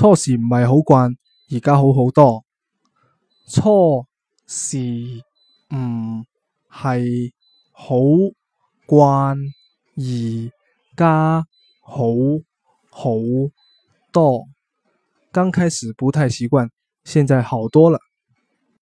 初時唔係好慣，而家好好多。初時唔係，嗯，好慣，而家好好多。剛開始不太習慣，現在好多了。